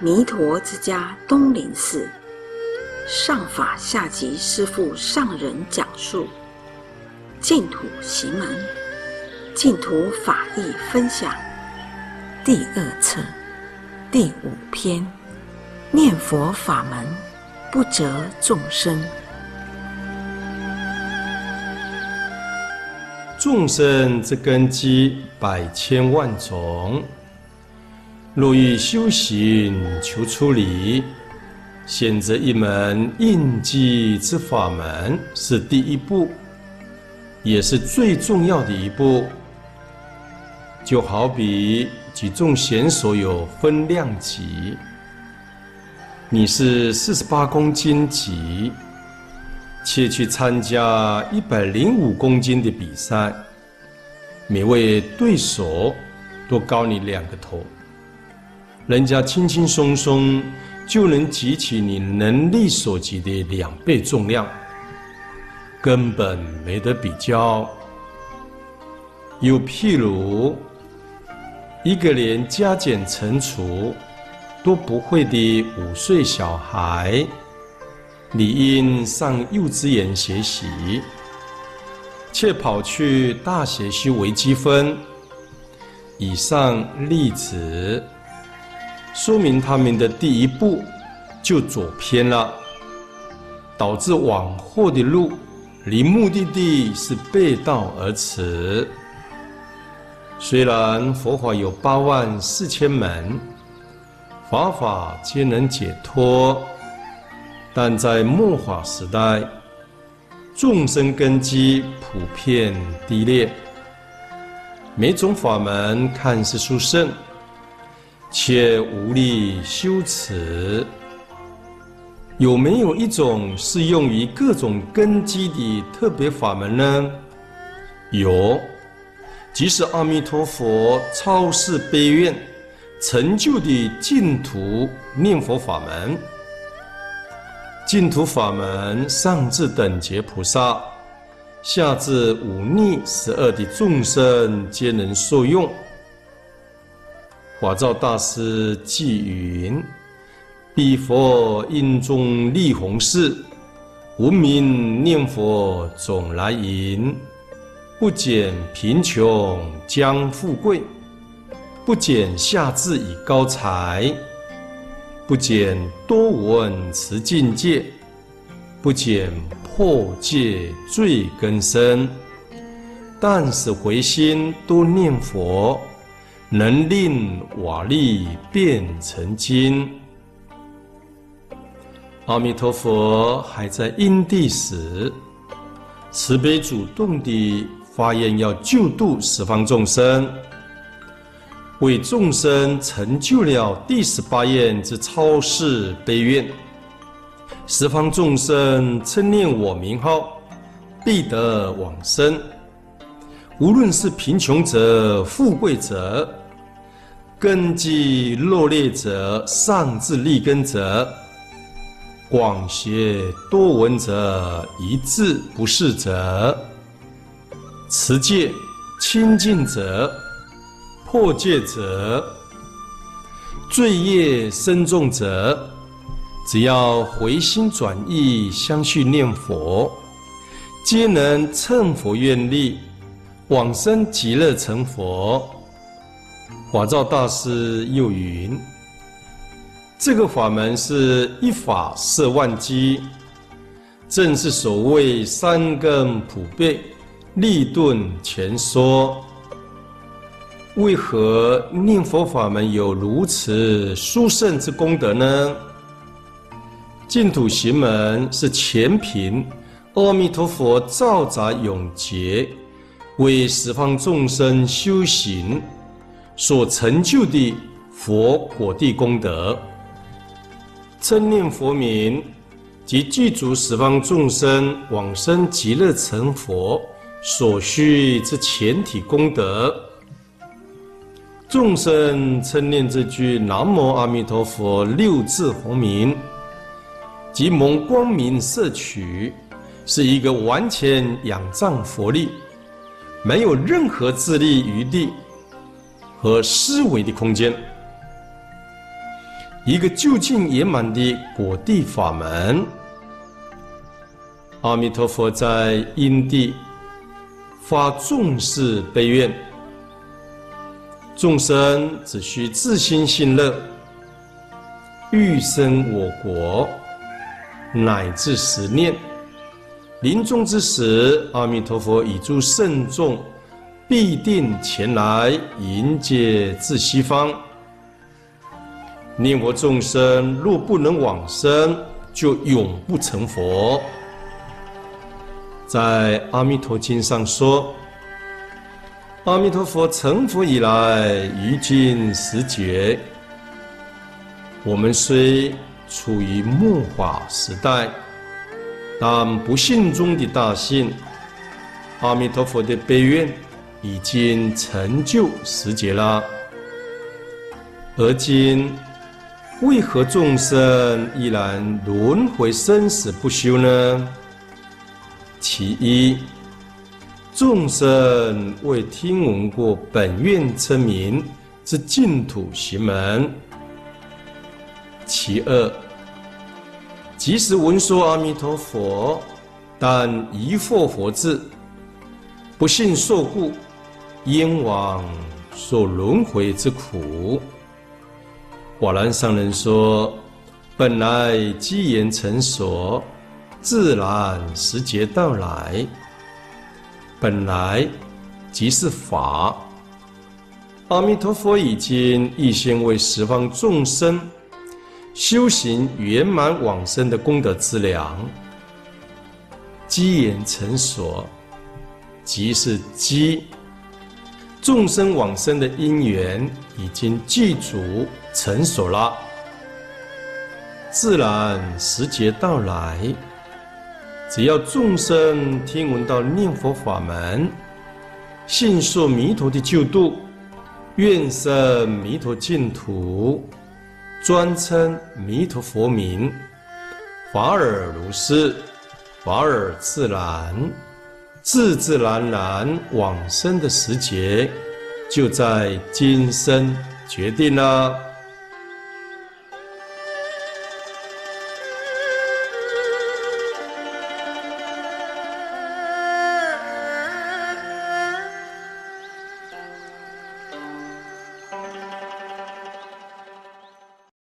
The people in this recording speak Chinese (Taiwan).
彌陀之家東林寺上法下寂師父上人講述《淨土行門》淨土法義分享第二冊第五篇：念佛法門不擇眾生，眾生之根基百千萬種。若欲修行求出離，選擇一門應機之法門是第一步，也是最重要的一步。就好比舉重選手有分量級，你是四十八公斤級，且去參加一百零五公斤的比賽，每位對手都高你兩個頭。人家輕輕鬆鬆就能舉起你能力所及的兩倍重量，根本沒得比較。又譬如，一個連加減乘除都不會的五歲小孩，理應上幼稚園學習，卻跑去大學學微積分。以上例子。說明他們的第一步就走偏了，導致往後的路離目的地是背道而馳。雖然佛法有八萬四千門，法法皆能解脫，但在末法時代，眾生根基普遍低劣，每種法門看似殊勝。且無力修持，有沒有一種適用於各種根基的特別法門呢？有，即是阿彌陀佛超世悲願成就的淨土念佛法門。淨土法門上至等覺菩薩，下至五逆十惡的眾生，皆能受用。法照大師偈語云：“彼佛因中立弘誓，聞名念佛總來迎。不簡貧窮將富貴，不簡下智與高才，不簡多聞持淨戒，不簡破戒罪根深。但使回心多念佛。”能令瓦礫變成金。阿彌陀佛還在因地時，慈悲主動地發願要救度十方眾生，為眾生成就了第十八願之超世悲願，十方眾生稱念我名號，必得往生。無論是貧窮者、富貴者。根基落劣者，上智利根者，廣學多聞者，一字不識者，持戒清淨者，破戒者，罪業深重者，只要回心轉意，相續念佛，皆能乘佛願力往生極樂成佛。法照大師又云：“這個法門是一法攝萬機，正是所謂三根普被，利鈍全收。為何念佛法門有如此殊勝之功德呢？淨土行門是全憑阿彌陀佛兆載永劫，為十方眾生修行。”所成就的佛果地功德，稱念佛名即具足十方眾生往生極樂成佛所需之全體功德，眾生稱念這句南無阿彌陀佛六字洪名，即蒙光明攝取，是一個完全仰仗佛力，沒有任何自力餘地。和思維的空間，一個究竟圓滿的果地法門。阿彌陀佛在因地發眾誓悲願，眾生只需自心信,信樂，欲生我國，乃至十念，臨終之時，阿彌陀佛與諸聖眾。必定前來迎接至西方，念佛眾生若不能往生，就永不成佛。在《阿彌陀經》上說：“阿彌陀佛成佛以來，於今十劫。”我們雖處於末法時代，但不幸中的大幸，阿彌陀佛的悲願。已經成就十劫了，而今為何眾生依然輪回生死不休呢？其一，眾生未聽聞過本願稱名之淨土行門；其二，即使聞說阿彌陀佛，但疑惑佛智，不信受故。因王受輪回之苦，法然上人說：“本來機緣成熟，自然時節到來。本來即是法。阿彌陀佛已經一心為十方眾生修行圓滿往生的功德之量，機緣成熟，即是機。”眾生往生的因緣已經具足成熟了，自然時節到來。只要眾生聽聞到念佛法門，信受彌陀的救度，願生彌陀淨土，專稱彌陀佛名，法爾如是，法爾自然。自自然然往生的時節，就在今生決定了啊。